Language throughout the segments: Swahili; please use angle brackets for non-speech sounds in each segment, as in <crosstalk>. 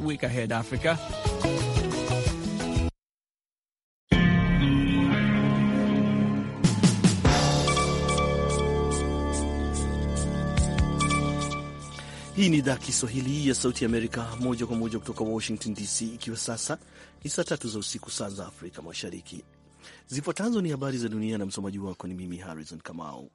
Week Ahead Africa. Hii ni idhaa Kiswahili ya Sauti Amerika moja kwa moja kutoka Washington DC, ikiwa sasa ni saa tatu za usiku, saa za Afrika Mashariki. Zifuatazo ni habari za dunia na msomaji wako ni mimi Harrison Kamau.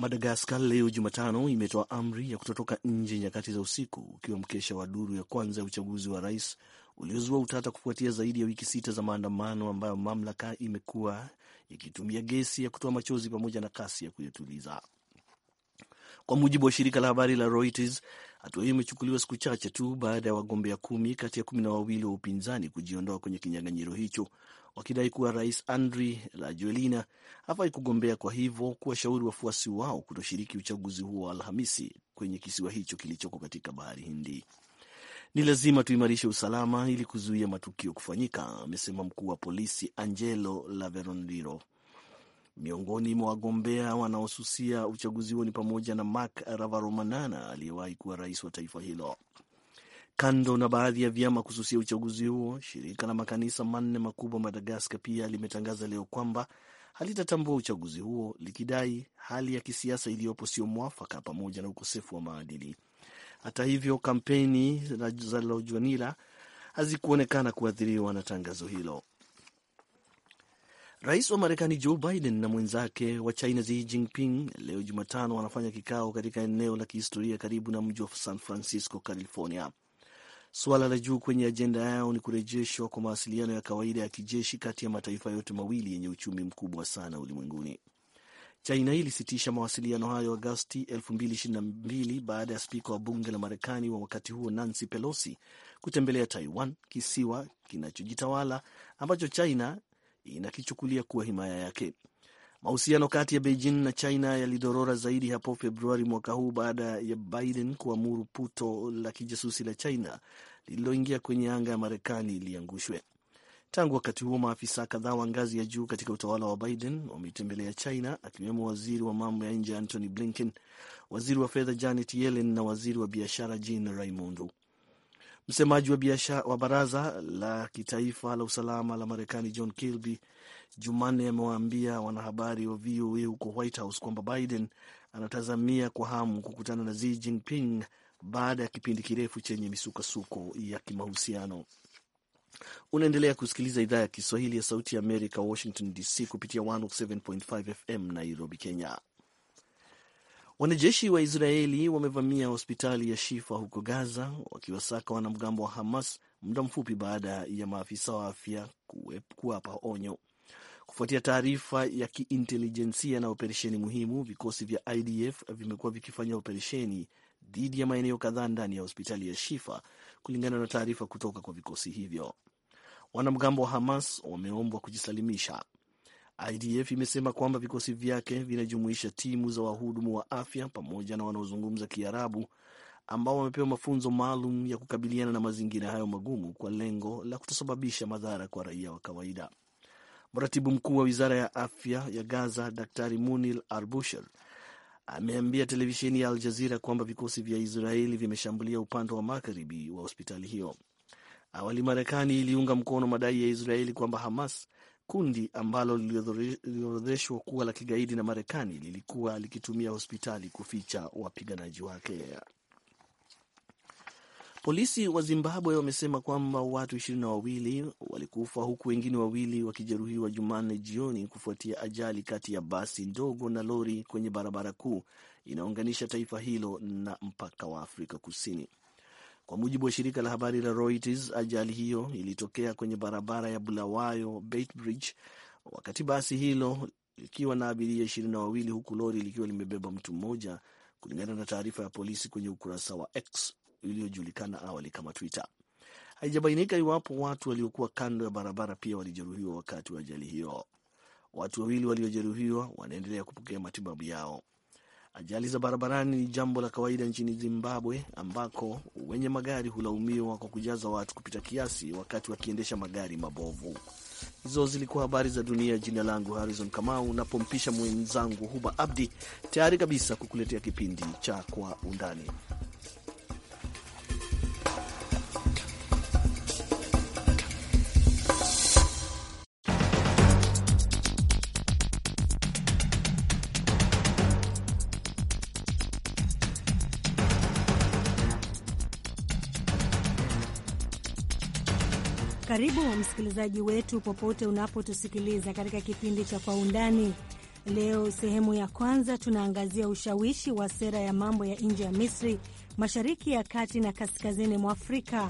Madagaskar leo Jumatano imetoa amri ya kutotoka nje nyakati za usiku, ukiwa mkesha wa duru ya kwanza ya uchaguzi wa rais uliozua utata kufuatia zaidi ya wiki sita za maandamano ambayo mamlaka imekuwa ikitumia gesi ya kutoa machozi pamoja na kasi ya kuyatuliza. Kwa mujibu wa shirika la habari la Reuters, hatua hiyo imechukuliwa siku chache tu baada ya wagombea kumi kati ya kumi na wawili wa upinzani kujiondoa kwenye kinyang'anyiro hicho wakidai kuwa Rais Andry Rajoelina hafai kugombea, kwa hivyo kuwashauri wafuasi wao kutoshiriki uchaguzi huo wa Alhamisi kwenye kisiwa hicho kilichoko katika bahari Hindi. Ni lazima tuimarishe usalama ili kuzuia matukio kufanyika, amesema mkuu wa polisi Angelo Laverondiro. Miongoni mwa wagombea wanaosusia uchaguzi huo ni pamoja na mak Ravaromanana aliyewahi kuwa rais wa taifa hilo. Kando na baadhi ya vyama kususia uchaguzi huo, shirika la makanisa manne makubwa Madagaskar pia limetangaza leo kwamba halitatambua uchaguzi huo likidai hali ya kisiasa iliyopo sio mwafaka pamoja na ukosefu wa maadili. Hata hivyo, kampeni za Lojuanila hazikuonekana kuathiriwa na tangazo hilo. Rais wa Marekani Joe Biden na mwenzake wa China Xi Jinping leo Jumatano wanafanya kikao katika eneo la kihistoria karibu na mji wa San Francisco, California. Suala la juu kwenye ajenda yao ni kurejeshwa kwa mawasiliano ya kawaida ya kijeshi kati ya mataifa yote mawili yenye uchumi mkubwa sana ulimwenguni. China ilisitisha mawasiliano hayo Agosti 2022 baada ya spika wa bunge la Marekani wa wakati huo Nancy Pelosi kutembelea Taiwan, kisiwa kinachojitawala ambacho China inakichukulia kuwa himaya yake. Mahusiano kati ya Beijing na China yalidorora zaidi hapo Februari mwaka huu baada ya Biden kuamuru puto la kijasusi la China lililoingia kwenye anga ya Marekani liangushwe. Tangu wakati huo maafisa kadhaa wa ngazi ya juu katika utawala wa Biden wameitembelea China, akiwemo waziri wa mambo ya nje Antony Blinken, waziri wa fedha Janet Yellen na waziri wa biashara Jean Raimondo. Msemaji wa biashara wa baraza la kitaifa la usalama la Marekani John Kirby Jumanne amewaambia wanahabari wa VOA huko White House kwamba Biden anatazamia kwa hamu kukutana na Xi Jinping baada ya kipindi kirefu chenye misukasuko ya kimahusiano. Unaendelea kusikiliza idhaa ya Kiswahili ya Sauti ya Amerika, Washington DC, kupitia 107.5 FM Nairobi, Kenya. Wanajeshi wa Israeli wamevamia hospitali ya Shifa huko Gaza, wakiwasaka wanamgambo wa Hamas muda mfupi baada ya maafisa wa afya kuwapa onyo kufuatia taarifa ya kiintelijensia na operesheni muhimu. Vikosi vya IDF vimekuwa vikifanya operesheni dhidi ya maeneo kadhaa ndani ya hospitali ya Shifa, kulingana na taarifa kutoka kwa vikosi hivyo. Wanamgambo wa Hamas wameombwa kujisalimisha. IDF imesema kwamba vikosi vyake vinajumuisha timu za wahudumu wa afya pamoja na wanaozungumza Kiarabu ambao wamepewa mafunzo maalum ya kukabiliana na mazingira hayo magumu kwa lengo la kutosababisha madhara kwa raia wa kawaida. Mratibu mkuu wa wizara ya afya ya Gaza, Daktari Munil Arbusher, ameambia televisheni ya Al Jazira kwamba vikosi vya Israeli vimeshambulia upande wa magharibi wa hospitali hiyo. Awali, Marekani iliunga mkono madai ya Israeli kwamba Hamas, kundi ambalo liliorodheshwa kuwa la kigaidi na Marekani, lilikuwa likitumia hospitali kuficha wapiganaji wake. Polisi wa Zimbabwe wamesema kwamba watu ishirini na wawili walikufa huku wengine wawili wakijeruhiwa Jumanne jioni kufuatia ajali kati ya basi ndogo na lori kwenye barabara kuu inayounganisha taifa hilo na mpaka wa Afrika Kusini. Kwa mujibu wa shirika la habari la Reuters, ajali hiyo ilitokea kwenye barabara ya Bulawayo Beitbridge, wakati basi hilo likiwa na abiria ishirini na wawili huku lori likiwa limebeba mtu mmoja, kulingana na taarifa ya polisi kwenye ukurasa wa X iliyojulikana awali kama Twitter. Haijabainika iwapo watu waliokuwa kando ya barabara pia walijeruhiwa wakati wa ajali hiyo. Watu wawili waliojeruhiwa wanaendelea kupokea matibabu yao. Ajali za barabarani ni jambo la kawaida nchini Zimbabwe, ambako wenye magari hulaumiwa kwa kujaza watu kupita kiasi wakati wakiendesha magari mabovu. Hizo zilikuwa habari za dunia. Jina langu Harrison Kamau, napompisha mwenzangu Huba Abdi tayari kabisa kukuletea kipindi cha Kwa Undani. Karibu msikilizaji wetu popote unapotusikiliza katika kipindi cha Kwa Undani. Leo sehemu ya kwanza tunaangazia ushawishi wa sera ya mambo ya nje ya Misri, mashariki ya kati na kaskazini mwa Afrika.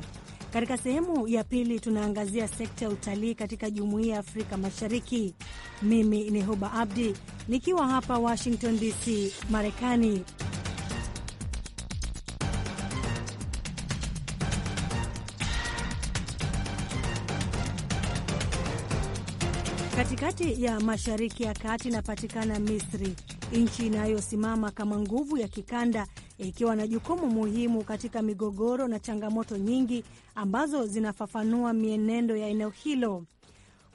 Katika sehemu ya pili tunaangazia sekta ya utalii katika jumuiya ya Afrika Mashariki. Mimi ni Huba Abdi nikiwa hapa Washington DC, Marekani. Katikati ya Mashariki ya Kati inapatikana Misri, nchi inayosimama kama nguvu ya kikanda ikiwa na jukumu muhimu katika migogoro na changamoto nyingi ambazo zinafafanua mienendo ya eneo hilo,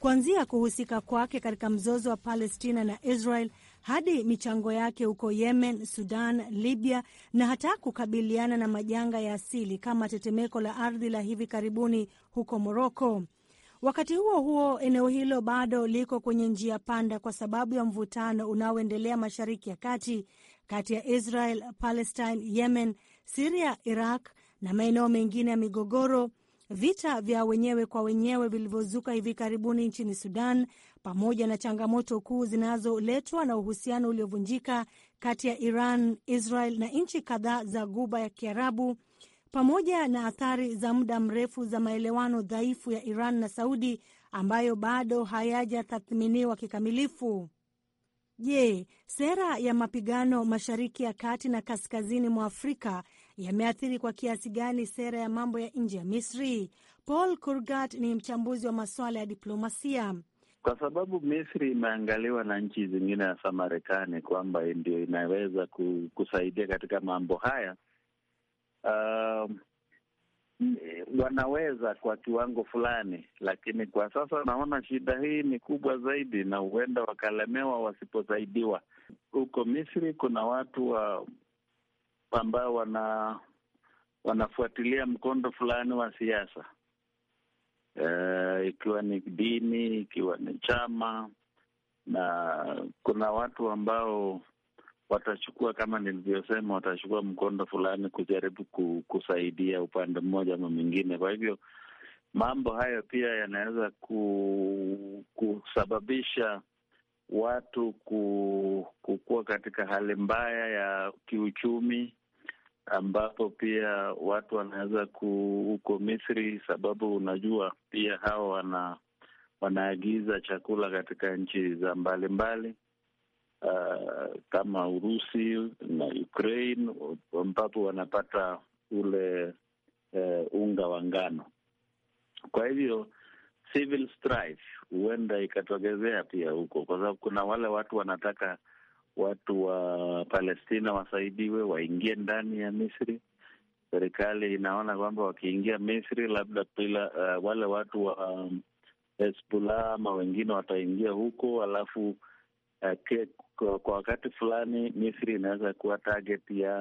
kuanzia kuhusika kwake katika mzozo wa Palestina na Israel hadi michango yake huko Yemen, Sudan, Libya na hata kukabiliana na majanga ya asili kama tetemeko la ardhi la hivi karibuni huko Moroko. Wakati huo huo, eneo hilo bado liko kwenye njia panda kwa sababu ya mvutano unaoendelea Mashariki ya Kati kati ya Israel, Palestine, Yemen, Siria, Iraq na maeneo mengine ya migogoro, vita vya wenyewe kwa wenyewe vilivyozuka hivi karibuni nchini Sudan, pamoja na changamoto kuu zinazoletwa na uhusiano uliovunjika kati ya Iran, Israel na nchi kadhaa za guba ya Kiarabu pamoja na athari za muda mrefu za maelewano dhaifu ya Iran na Saudi ambayo bado hayajatathminiwa kikamilifu. Je, sera ya mapigano mashariki ya kati na kaskazini mwa Afrika yameathiri kwa kiasi gani sera ya mambo ya nje ya Misri? Paul Kurgat ni mchambuzi wa masuala ya diplomasia. Kwa sababu Misri imeangaliwa na nchi zingine, hasa Marekani, kwamba ndio inaweza kusaidia katika mambo haya, uh, wanaweza kwa kiwango fulani, lakini kwa sasa naona shida hii ni kubwa zaidi, na huenda wakalemewa wasiposaidiwa. Huko Misri kuna watu wa ambao wana wanafuatilia mkondo fulani wa siasa uh, ikiwa ni dini, ikiwa ni chama, na kuna watu ambao watachukua kama nilivyosema, watachukua mkondo fulani kujaribu kusaidia upande mmoja ama mwingine. Kwa hivyo mambo hayo pia yanaweza kusababisha watu kukuwa katika hali mbaya ya kiuchumi, ambapo pia watu wanaweza huko Misri, sababu unajua pia hawa wana, wanaagiza chakula katika nchi za mbalimbali Uh, kama Urusi na Ukraine ambapo wanapata ule uh, unga wa ngano. Kwa hivyo civil strife huenda ikatokezea pia huko, kwa sababu kuna wale watu wanataka watu wa Palestina wasaidiwe waingie ndani ya Misri. Serikali inaona kwamba wakiingia Misri labda pila, uh, wale watu wa um, Hezbollah ama wengine wataingia huko, alafu uh, kwa, kwa wakati fulani Misri inaweza kuwa target ya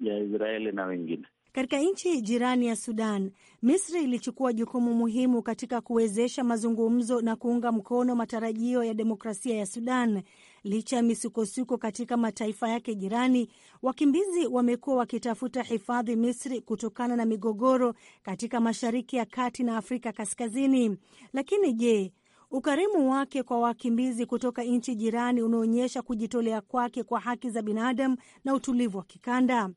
ya Israeli na wengine. Katika nchi jirani ya Sudan, Misri ilichukua jukumu muhimu katika kuwezesha mazungumzo na kuunga mkono matarajio ya demokrasia ya Sudan. Licha ya misukosuko katika mataifa yake jirani, wakimbizi wamekuwa wakitafuta hifadhi Misri kutokana na migogoro katika Mashariki ya Kati na Afrika Kaskazini. Lakini je, Ukarimu wake kwa wakimbizi kutoka nchi jirani unaonyesha kujitolea kwake kwa haki za binadamu na utulivu wa kikanda.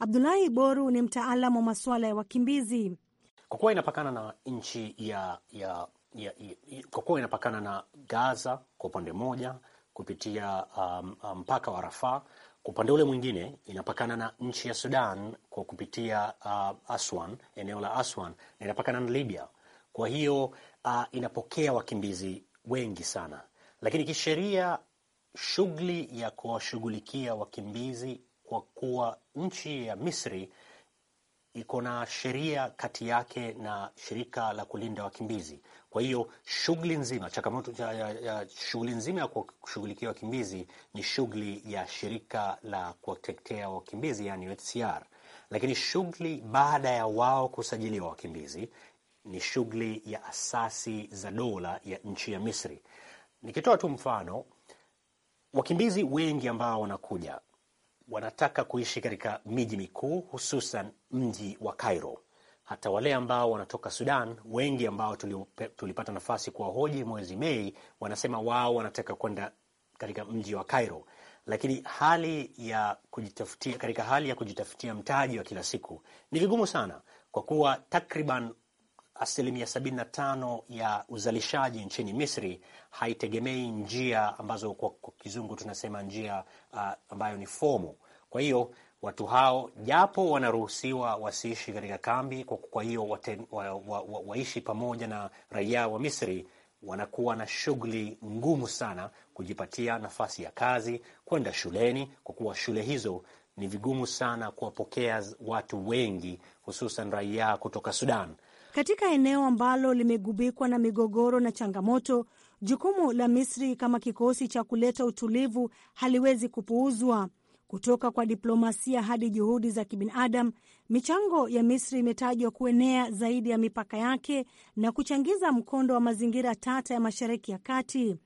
Abdulahi Boru ni mtaalamu wa masuala ya wakimbizi. Kwa kuwa inapakana na nchi ya, ya, ya, ya, kwa kuwa inapakana na Gaza kwa upande mmoja kupitia mpaka um, um, wa Rafaa, kwa upande ule mwingine inapakana na nchi ya Sudan kwa kupitia uh, Aswan, eneo la Aswan, na inapakana na Libya kwa hiyo uh, inapokea wakimbizi wengi sana, lakini kisheria, shughuli ya kuwashughulikia wakimbizi, kwa kuwa nchi ya Misri iko na sheria kati yake na shirika la kulinda wakimbizi. Kwa hiyo shughuli nzima, changamoto ya shughuli nzima ya kushughulikia wakimbizi ni shughuli ya shirika la kuwatetea wakimbizi, yani UNHCR, lakini shughuli baada ya wao kusajiliwa wakimbizi ni shughuli ya asasi za dola ya nchi ya Misri. Nikitoa tu mfano, wakimbizi wengi ambao wanakuja wanataka kuishi katika miji mikuu, hususan mji wa Cairo. Hata wale ambao wanatoka Sudan, wengi ambao tulipata nafasi kuwahoji mwezi Mei, wanasema wao wanataka kwenda katika mji wa Cairo, lakini hali ya kujitafutia, katika hali ya kujitafutia mtaji wa kila siku ni vigumu sana, kwa kuwa takriban asilimia 75 ya uzalishaji nchini Misri haitegemei njia ambazo kwa kizungu tunasema njia uh, ambayo ni fomu. Kwa hiyo watu hao japo wanaruhusiwa wasiishi katika kambi, kwa hiyo waishi wa, wa, wa pamoja na raia wa Misri, wanakuwa na shughuli ngumu sana kujipatia nafasi ya kazi, kwenda shuleni, kwa kuwa shule hizo ni vigumu sana kuwapokea watu wengi, hususan raia kutoka Sudan katika eneo ambalo limegubikwa na migogoro na changamoto. Jukumu la Misri kama kikosi cha kuleta utulivu haliwezi kupuuzwa. Kutoka kwa diplomasia hadi juhudi za kibinadamu, michango ya Misri imetajwa kuenea zaidi ya mipaka yake na kuchangiza mkondo wa mazingira tata ya Mashariki ya Kati.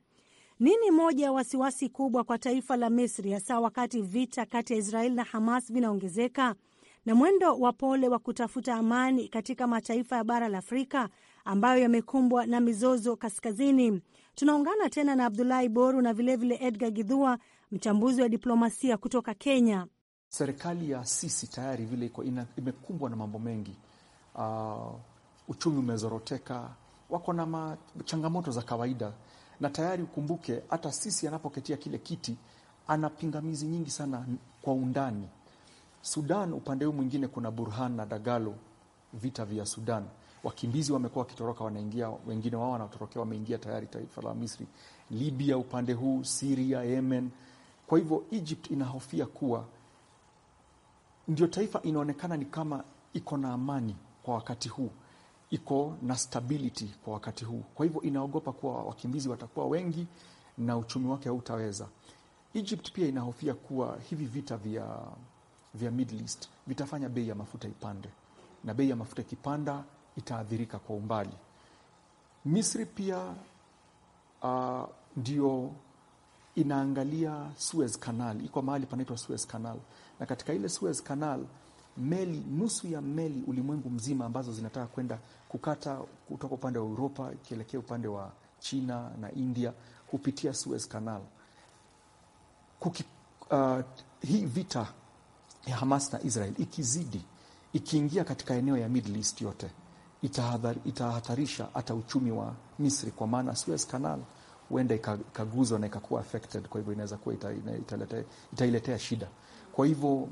Nini moja ya wasiwasi kubwa kwa taifa la Misri, hasa wakati vita kati ya israel na Hamas vinaongezeka? na mwendo wa pole wa kutafuta amani katika mataifa ya bara la Afrika ambayo yamekumbwa na mizozo kaskazini. Tunaungana tena na Abdulahi Boru na vilevile vile Edgar Gidhua, mchambuzi wa diplomasia kutoka Kenya. Serikali ya sisi tayari vile iko imekumbwa na mambo mengi. Uh, uchumi umezoroteka, wako na changamoto za kawaida, na tayari ukumbuke, hata sisi anapoketia kile kiti ana pingamizi nyingi sana kwa undani Sudan upande huu mwingine kuna Burhan na Dagalo, vita vya Sudan. Wakimbizi wamekuwa wakitoroka, wanaingia, wengine wao wanatorokea, wameingia tayari taifa la Misri. Libya upande huu, siria Yemen. Kwa hivyo Egypt inahofia kuwa ndio taifa inaonekana ni kama iko na amani kwa wakati huu, iko na stability kwa wakati huu. Kwa hivyo inaogopa kuwa wakimbizi watakuwa wengi na uchumi wake hautaweza. Egypt pia inahofia kuwa hivi vita vya vya Middle East vitafanya bei ya mafuta ipande, na bei ya mafuta ikipanda itaathirika kwa umbali. Misri pia uh, ndio inaangalia Suez Canal, iko mahali panaitwa Suez Canal, na katika ile Suez Canal meli nusu ya meli ulimwengu mzima ambazo zinataka kwenda kukata kutoka upande wa Uropa ikielekea upande wa China na India hupitia Suez Canal. Kuki, uh, hii vita ya Hamas na Israel ikizidi, ikiingia katika eneo ya Middle East yote itahatarisha hata uchumi wa Misri, kwa maana Suez Canal huenda ikaguzwa na ikakuwa affected. Kwa hivyo inaweza kuwa itailetea ita, ita shida. Kwa hivyo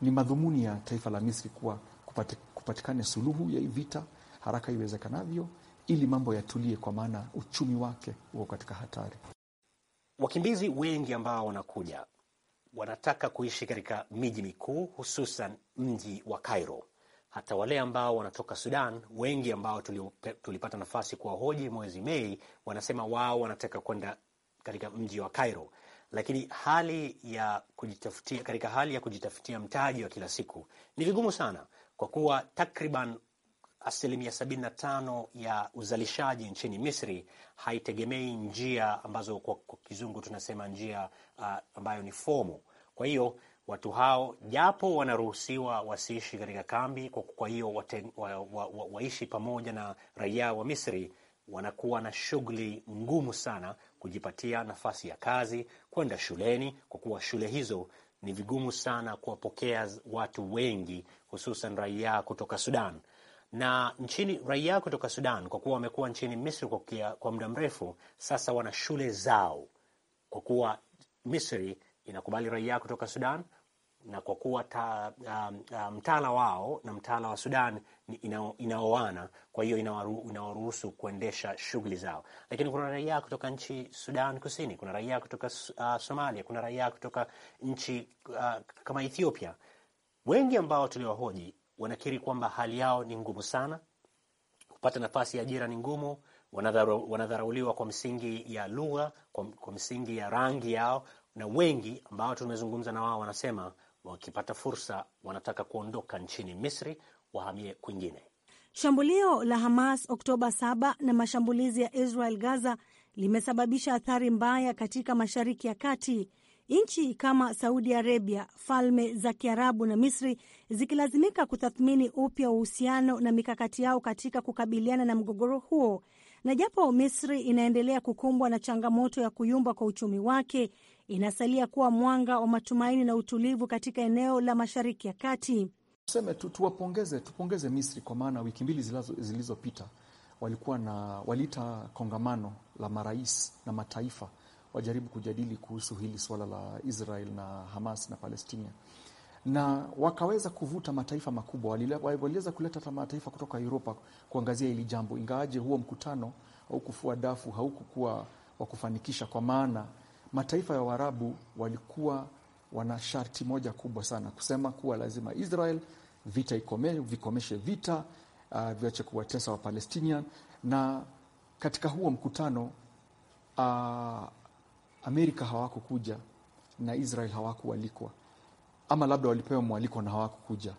ni madhumuni ya taifa la Misri kuwa kupati, kupatikane suluhu ya vita haraka iwezekanavyo, ili mambo yatulie, kwa maana uchumi wake uko katika hatari. Wakimbizi wengi ambao wanakuja wanataka kuishi katika miji mikuu hususan mji wa Cairo. Hata wale ambao wanatoka Sudan, wengi ambao tulipata nafasi kuwahoji mwezi Mei, wanasema wao wanataka kwenda katika mji wa Cairo, lakini hali ya kujitafutia, katika hali ya kujitafutia mtaji wa kila siku ni vigumu sana, kwa kuwa takriban asilimia 75 ya uzalishaji nchini Misri haitegemei njia ambazo kwa, kwa kizungu tunasema njia uh, ambayo ni fomu kwa hiyo watu hao japo wanaruhusiwa wasiishi katika kambi, kwa hiyo wa, wa, wa, waishi pamoja na raia wa Misri, wanakuwa na shughuli ngumu sana kujipatia nafasi ya kazi, kwenda shuleni, kwa kuwa shule hizo ni vigumu sana kuwapokea watu wengi, hususan raia kutoka Sudan na nchini raia kutoka Sudan, kwa kuwa wamekuwa nchini Misri kwa, kwa muda mrefu sasa, wana shule zao kwa kuwa Misri inakubali raia kutoka Sudan na kwa kuwa mtaala um, um, wao na mtaala wa Sudan inaoana, kwa hiyo inawaruhusu kuendesha shughuli zao. Lakini kuna raia kutoka nchi Sudan Kusini, kuna raia kutoka uh, Somalia, kuna raia kutoka nchi uh, kama Ethiopia. Wengi ambao tuliwahoji wanakiri kwamba hali yao ni ngumu sana, kupata nafasi ya ajira ni ngumu, wanadharauliwa kwa msingi ya lugha, kwa, kwa msingi ya rangi yao, na wengi ambao tumezungumza na wao wanasema wakipata fursa wanataka kuondoka nchini Misri wahamie kwingine. Shambulio la Hamas Oktoba 7 na mashambulizi ya Israel Gaza limesababisha athari mbaya katika Mashariki ya Kati, nchi kama Saudi Arabia, Falme za Kiarabu na Misri zikilazimika kutathmini upya uhusiano na mikakati yao katika kukabiliana na mgogoro huo. Na japo Misri inaendelea kukumbwa na changamoto ya kuyumba kwa uchumi wake, inasalia kuwa mwanga wa matumaini na utulivu katika eneo la Mashariki ya Kati. Tuseme tu, tuwapongeze, tupongeze Misri kwa maana wiki mbili zilizopita walikuwa na waliita kongamano la marais na mataifa wajaribu kujadili kuhusu hili swala la Israel na Hamas na Palestina, na wakaweza kuvuta mataifa makubwa. Waliweza kuleta hata mataifa kutoka Uropa kuangazia hili jambo, ingawaje huo mkutano haukufua dafu, haukukuwa wa kufanikisha, kwa maana mataifa ya Waarabu walikuwa wana sharti moja kubwa sana kusema kuwa lazima Israel vita ikome, vikomeshe vita uh, viache kuwatesa wa Palestinian. Na katika huo mkutano uh, Amerika hawakukuja na Israel hawakualikwa, ama labda walipewa mwaliko na hawakukuja.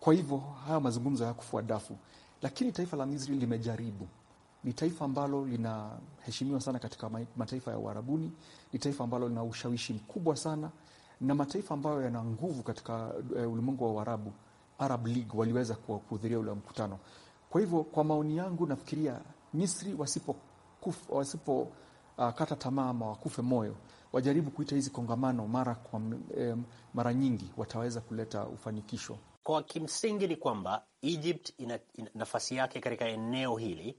Kwa hivyo haya mazungumzo hayakufua dafu, lakini taifa la Misri limejaribu ni taifa ambalo linaheshimiwa sana katika mataifa ya Uarabuni, ni taifa ambalo lina ushawishi mkubwa sana, na mataifa ambayo yana nguvu katika eh, ulimwengu wa Uarabu, Arab League waliweza kuhudhuria ule mkutano. Kwa hivyo, kwa maoni yangu, nafikiria Misri wasipo kuf, wasipo uh, kata tamaa ama wakufe moyo, wajaribu kuita hizi kongamano mara kwa um, mara nyingi, wataweza kuleta ufanikisho. Kwa kimsingi ni kwamba Egypt ina, ina nafasi yake katika eneo hili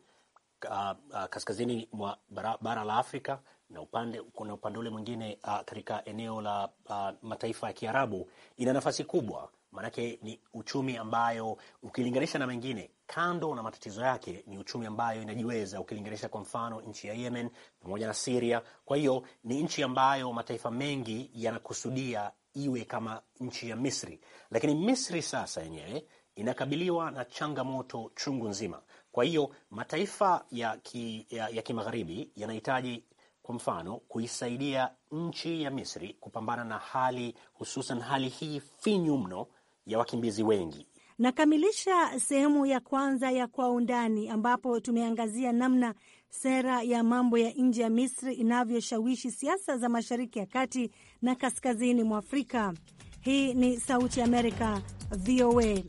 uh, uh, kaskazini mwa bara, bara la Afrika na upande, kuna upande ule mwingine uh, katika eneo la uh, mataifa ya Kiarabu ina nafasi kubwa, maanake ni uchumi ambayo ukilinganisha na mengine kando na matatizo yake ni uchumi ambayo inajiweza ukilinganisha kwa mfano nchi ya Yemen pamoja na siria Kwa hiyo ni nchi ambayo mataifa mengi yanakusudia iwe kama nchi ya Misri, lakini Misri sasa yenyewe inakabiliwa na changamoto chungu nzima. Kwa hiyo mataifa ya, ki, ya, ya kimagharibi yanahitaji kwa mfano kuisaidia nchi ya Misri kupambana na hali hususan hali hii finyu mno ya wakimbizi wengi. Nakamilisha sehemu ya kwanza ya Kwa Undani, ambapo tumeangazia namna sera ya mambo ya nje ya Misri inavyoshawishi siasa za Mashariki ya Kati na kaskazini mwa Afrika. Hii ni Sauti ya Amerika, VOA.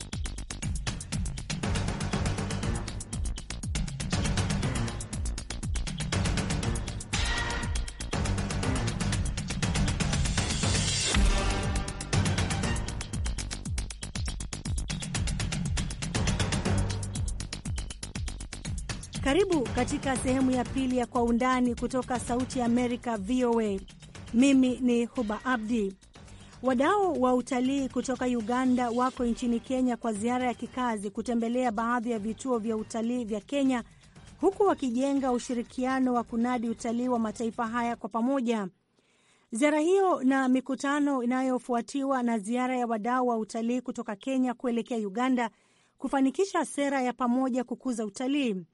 Karibu katika sehemu ya pili ya Kwa Undani kutoka Sauti ya Amerika, VOA. Mimi ni Huba Abdi. Wadau wa utalii kutoka Uganda wako nchini Kenya kwa ziara ya kikazi kutembelea baadhi ya vituo vya utalii vya Kenya, huku wakijenga ushirikiano wa kunadi utalii wa mataifa haya kwa pamoja. Ziara hiyo na mikutano inayofuatiwa na ziara ya wadau wa utalii kutoka Kenya kuelekea Uganda kufanikisha sera ya pamoja kukuza utalii.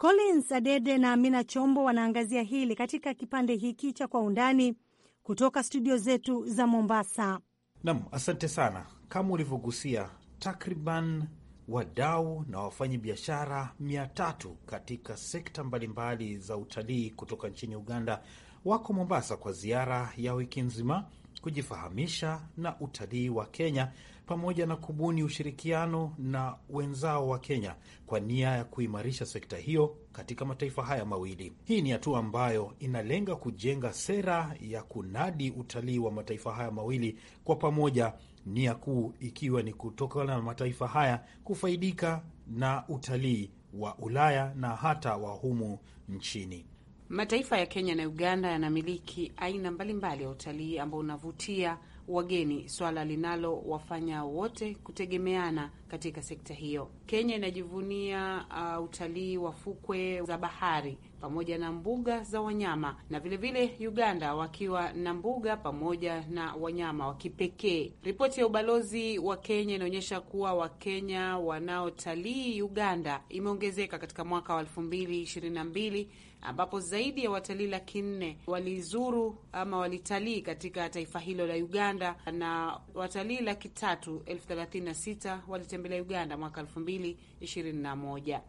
Collins Adede na Amina Chombo wanaangazia hili katika kipande hiki cha Kwa Undani kutoka studio zetu za Mombasa. Nam, asante sana. Kama ulivyogusia, takriban wadau na wafanyi biashara mia tatu katika sekta mbalimbali za utalii kutoka nchini Uganda wako Mombasa kwa ziara ya wiki nzima kujifahamisha na utalii wa Kenya pamoja na kubuni ushirikiano na wenzao wa Kenya kwa nia ya kuimarisha sekta hiyo katika mataifa haya mawili. Hii ni hatua ambayo inalenga kujenga sera ya kunadi utalii wa mataifa haya mawili kwa pamoja, nia kuu ikiwa ni kutokana na mataifa haya kufaidika na utalii wa Ulaya na hata wa humu nchini. Mataifa ya Kenya na Uganda yanamiliki aina mbalimbali ya utalii ambao unavutia wageni, swala linalowafanya wote kutegemeana katika sekta hiyo. Kenya inajivunia uh, utalii wa fukwe za bahari pamoja na mbuga za wanyama na vilevile vile Uganda wakiwa na mbuga pamoja na wanyama wa kipekee. Ripoti ya ubalozi wa Kenya inaonyesha kuwa Wakenya wanaotalii Uganda imeongezeka katika mwaka wa elfu mbili ishirini na mbili ambapo zaidi ya watalii laki nne walizuru ama walitalii katika taifa hilo la Uganda, na watalii laki tatu elfu thelathini na sita walitembelea Uganda mwaka elfu mbili ishirini na moja.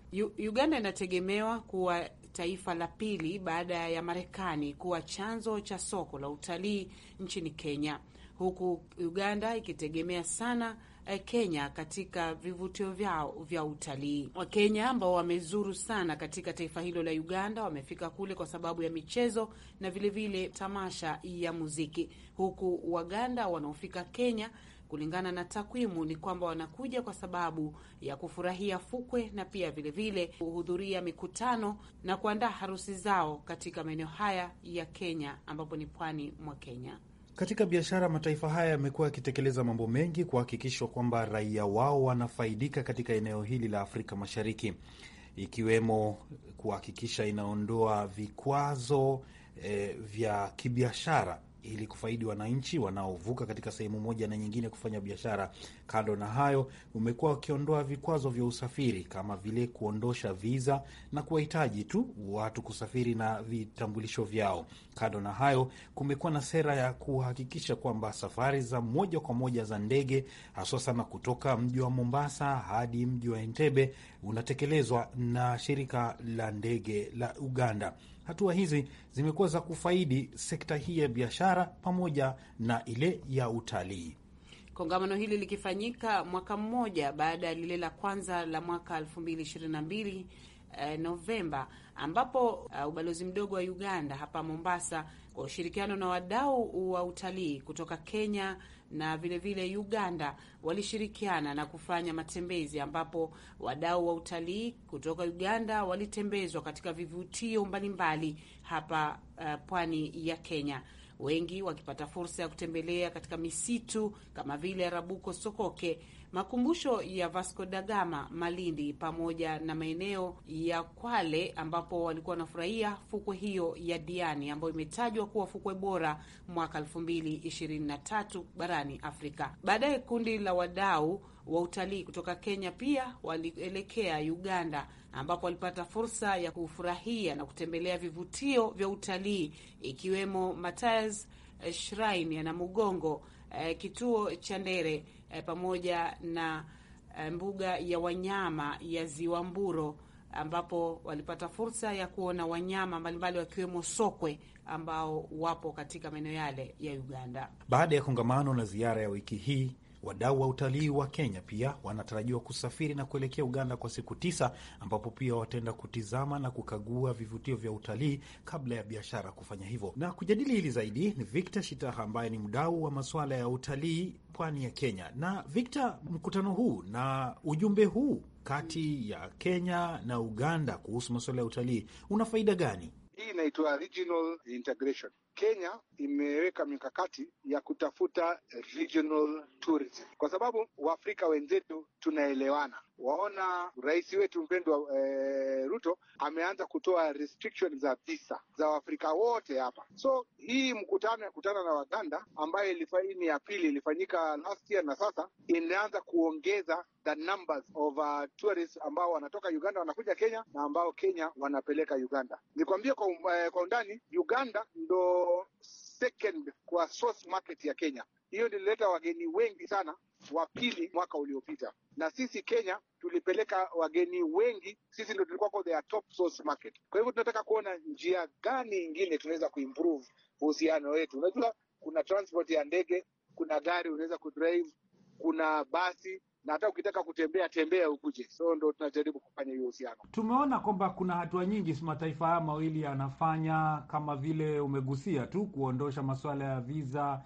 Uganda inategemewa kuwa taifa la pili baada ya Marekani kuwa chanzo cha soko la utalii nchini Kenya, huku Uganda ikitegemea sana eh, Kenya katika vivutio vyao vya utalii. Wakenya ambao wamezuru sana katika taifa hilo la Uganda wamefika kule kwa sababu ya michezo na vilevile vile tamasha ya muziki, huku Waganda wanaofika Kenya kulingana na takwimu ni kwamba wanakuja kwa sababu ya kufurahia fukwe na pia vilevile kuhudhuria mikutano na kuandaa harusi zao katika maeneo haya ya Kenya ambapo ni pwani mwa Kenya. Katika biashara, mataifa haya yamekuwa yakitekeleza mambo mengi kuhakikishwa kwamba raia wao wanafaidika katika eneo hili la Afrika Mashariki, ikiwemo kuhakikisha inaondoa vikwazo eh, vya kibiashara ili kufaidi wananchi wanaovuka katika sehemu moja na nyingine kufanya biashara. Kando na hayo, umekuwa wakiondoa vikwazo vya usafiri kama vile kuondosha viza na kuwahitaji tu watu kusafiri na vitambulisho vyao. Kando na hayo, kumekuwa na sera ya kuhakikisha kwamba safari za moja kwa moja za ndege haswa sana kutoka mji wa Mombasa hadi mji wa Entebbe unatekelezwa na shirika la ndege la Uganda. Hatua hizi zimekuwa za kufaidi sekta hii ya biashara pamoja na ile ya utalii. Kongamano hili likifanyika mwaka mmoja baada ya lile la kwanza la mwaka 2022 eh, Novemba ambapo uh, ubalozi mdogo wa Uganda hapa Mombasa kwa ushirikiano na wadau wa utalii kutoka Kenya na vilevile vile Uganda walishirikiana na kufanya matembezi, ambapo wadau wa utalii kutoka Uganda walitembezwa katika vivutio mbalimbali hapa uh, pwani ya Kenya, wengi wakipata fursa ya kutembelea katika misitu kama vile Rabuko Sokoke makumbusho ya Vasco da Gama Malindi, pamoja na maeneo ya Kwale ambapo walikuwa wanafurahia fukwe hiyo ya Diani ambayo imetajwa kuwa fukwe bora mwaka 2023 barani Afrika. Baadaye kundi la wadau wa utalii kutoka Kenya pia walielekea Uganda ambapo walipata fursa ya kufurahia na kutembelea vivutio vya utalii ikiwemo Matayas Shrine ya Namugongo eh, kituo cha Ndere eh, pamoja na eh, mbuga ya wanyama ya Ziwa Mburo ambapo walipata fursa ya kuona wanyama mbalimbali wakiwemo sokwe ambao wapo katika maeneo yale ya Uganda. Baada ya kongamano na ziara ya wiki hii Wadau wa utalii wa Kenya pia wanatarajiwa kusafiri na kuelekea Uganda kwa siku tisa, ambapo pia wataenda kutizama na kukagua vivutio vya utalii kabla ya biashara kufanya hivyo. Na kujadili hili zaidi ni Victor Shitaha ambaye ni mdau wa masuala ya utalii pwani ya Kenya. Na Victor, mkutano huu na ujumbe huu kati ya Kenya na Uganda kuhusu masuala ya utalii una faida gani? Hii inaitwa regional integration. Kenya imeweka mikakati ya kutafuta regional tourism, kwa sababu Waafrika wenzetu tunaelewana waona rais wetu mpendwa e, Ruto ameanza kutoa restriction za visa za Waafrika wote hapa. So hii mkutano ya kutana na Waganda ambayo ni ya pili, ilifanyika last year na sasa inaanza kuongeza the numbers of uh, tourists ambao wanatoka Uganda wanakuja Kenya na ambao Kenya wanapeleka Uganda. Nikwambie kwa, uh, kwa undani Uganda ndo second kwa source market ya Kenya. Hiyo lilileta wageni wengi sana wa pili mwaka uliopita, na sisi Kenya tulipeleka wageni wengi, sisi ndo tulikuwa kwa top source market. Kwa hivyo tunataka kuona njia gani ingine tunaweza kuimprove uhusiano wetu. Unajua kuna transport ya ndege, kuna gari unaweza kudrive, kuna basi na hata ukitaka kutembea tembea ukuje. So ndo tunajaribu kufanya hiyo uhusiano. Tumeona kwamba kuna hatua nyingi mataifa haya mawili yanafanya, kama vile umegusia tu kuondosha masuala ya viza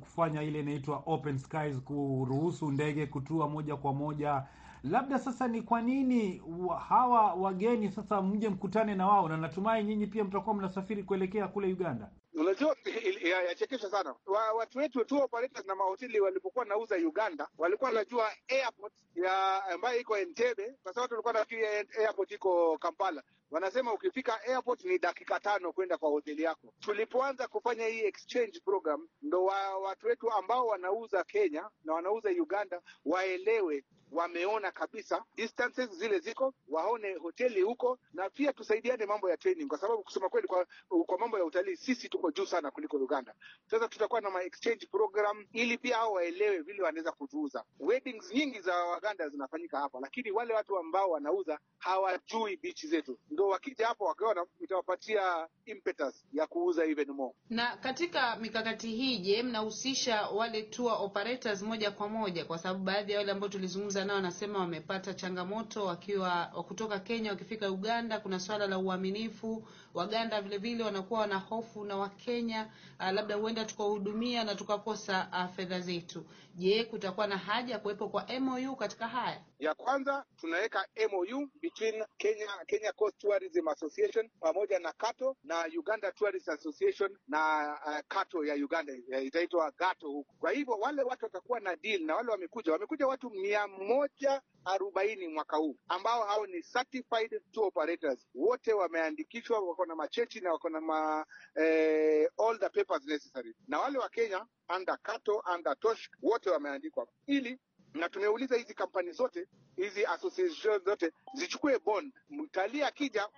kufanya ile inaitwa open skies, kuruhusu ndege kutua moja kwa moja. Labda sasa ni kwa nini hawa wageni sasa mje mkutane na wao, na natumai nyinyi pia mtakuwa mnasafiri kuelekea kule Uganda. Unajua <laughs> yachekesha sana wa, watu wetu tu operators na mahoteli walipokuwa nauza Uganda walikuwa wanajua airport ya ambayo iko Entebbe, kwa sababu tulikuwa nafikiri airport iko Kampala. Wanasema ukifika airport ni dakika tano kwenda kwa hoteli yako. Tulipoanza kufanya hii exchange program, ndo wa, watu wetu ambao wanauza Kenya na wanauza Uganda waelewe, wameona kabisa distances zile ziko, waone hoteli huko, na pia tusaidiane mambo ya training, kwa sababu kusema kweli kwa, kwa mambo ya utalii sisi tuko iko juu sana kuliko Uganda. Sasa tutakuwa na ma exchange program ili pia hao waelewe vile wanaweza kutuuza. Weddings nyingi za Waganda zinafanyika hapa, lakini wale watu ambao wanauza hawajui bichi zetu, ndo wakija hapo wakiona itawapatia impetus ya kuuza even more. Na katika mikakati hii, je, mnahusisha wale tour operators moja kwa moja? Kwa sababu baadhi ya wale ambao tulizungumza nao wanasema wamepata changamoto wakiwa kutoka Kenya wakifika Uganda, kuna swala la uaminifu Waganda vilevile wanakuwa wana hofu na Wakenya uh, labda huenda tukawahudumia na tukakosa uh, fedha zetu. Je, kutakuwa na haja ya kuwepo kwa MOU katika haya? Ya kwanza tunaweka MOU between Kenya, Kenya Coast Tourism Association pamoja na Kato na Uganda Tourist Association na uh, Kato ya Uganda itaitwa Gato huku. Kwa hivyo wale watu watakuwa na deal na wale wamekuja, wamekuja watu mia moja arobaini mwaka huu ambao hao ni certified tour operators wote wameandikishwa wako na macheti na wako na ma, eh, all the papers necessary, na wale wa Kenya under Kato anda Tosh wote wameandikwa ili na tumeuliza hizi kampani zote hizi association zote zichukue bond, mtalii akija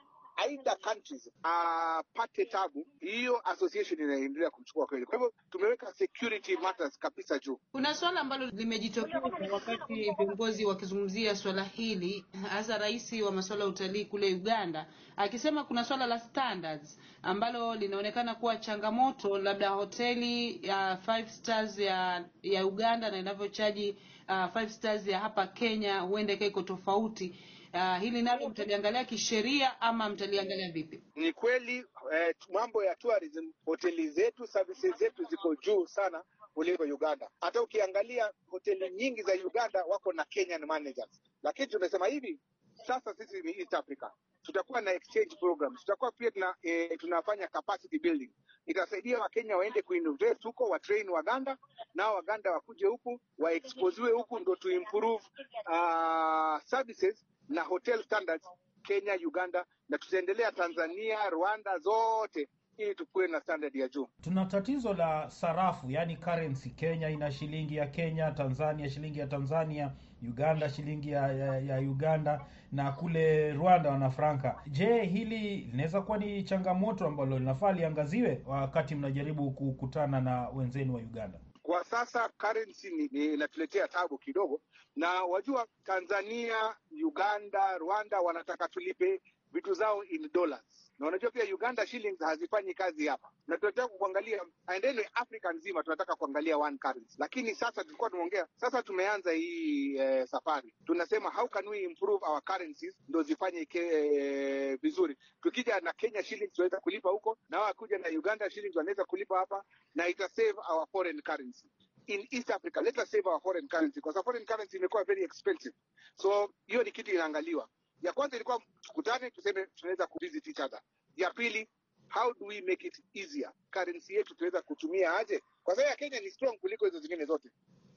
either countries apate uh, tabu, hiyo association inaendelea kumchukua kweli. Kwa hivyo tumeweka security matters kabisa juu. Kuna swala ambalo limejitokeza wakati viongozi wakizungumzia swala hili, hasa rais wa masuala ya utalii kule Uganda akisema kuna swala la standards ambalo linaonekana kuwa changamoto, labda hoteli ya five stars ya ya Uganda na inavyochaji uh, five stars ya hapa Kenya huenda ikaiko tofauti uh, hili nalo mtaliangalia kisheria ama mtaliangalia vipi? Ni kweli eh, mambo ya tourism, hoteli zetu, services zetu ziko juu sana kuliko Uganda. Hata ukiangalia hoteli nyingi za Uganda wako na Kenyan managers, lakini tumesema hivi sasa, sisi ni East Africa, tutakuwa na exchange programs, tutakuwa pia tuna, e, tunafanya capacity building. Itasaidia wakenya waende kuinvest huko, train Waganda nao Waganda wakuje huku waexposiwe huku, ndo tu improve uh, services na hotel standards Kenya, Uganda na tutaendelea Tanzania, Rwanda zote ili tukuwe na standard ya juu. Tuna tatizo la sarafu, yaani currency. Kenya ina shilingi ya Kenya, Tanzania shilingi ya Tanzania, Uganda shilingi ya, ya, ya Uganda, na kule Rwanda wana franka. Je, hili linaweza kuwa ni changamoto ambalo linafaa liangaziwe wakati mnajaribu kukutana na wenzenu wa Uganda? Kwa sasa currency ni inatuletea tabu kidogo, na wajua Tanzania, Uganda, Rwanda wanataka tulipe vitu zao in dollars, na unajua pia Uganda shillings hazifanyi kazi hapa, na tunataka kuangalia aendele Afrika nzima, tunataka kuangalia one currency. Lakini sasa tulikuwa tumeongea, sasa tumeanza hii e, safari tunasema how can we improve our currencies ndo zifanye e, vizuri. Tukija na Kenya shillings tunaweza kulipa huko, na wao kuja na Uganda shillings wanaweza kulipa hapa, na ita save our foreign currency in East Africa. Let us save our foreign currency because our foreign currency imekuwa very expensive, so hiyo ni kitu inaangaliwa ya kwanza ilikuwa tukutane, tuseme tunaweza kuvisit each other. Ya pili how do we make it easier, currency yetu tunaweza kutumia aje? Kwa sababu ya Kenya ni strong kuliko hizo zingine zote,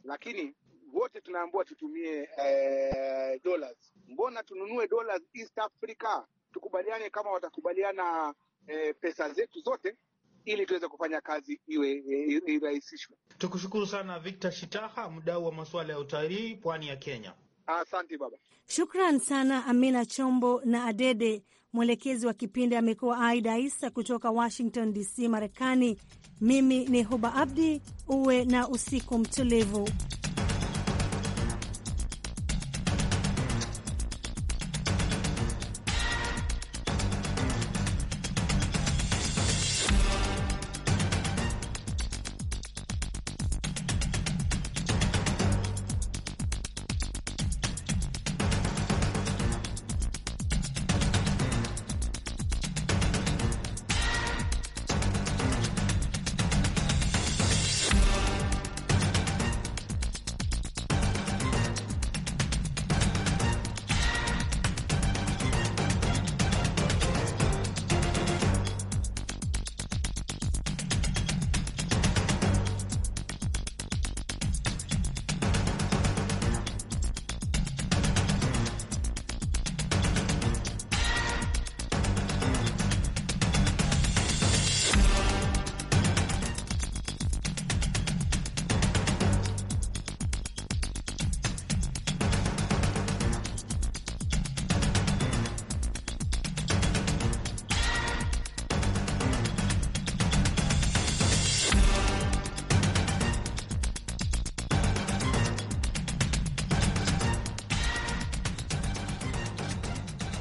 lakini wote tunaambua tutumie eh, dollars. Mbona tununue dollars East Africa? Tukubaliane kama watakubaliana eh, pesa zetu zote ili tuweze kufanya kazi iwe eh, irahisishwe. Tukushukuru sana Victor Shitaha, mdau wa masuala ya utalii pwani ya Kenya. Asante baba. Shukran sana Amina Chombo na Adede. Mwelekezi wa kipindi amekuwa Aida Isa kutoka Washington DC, Marekani. Mimi ni Huba Abdi. Uwe na usiku mtulivu.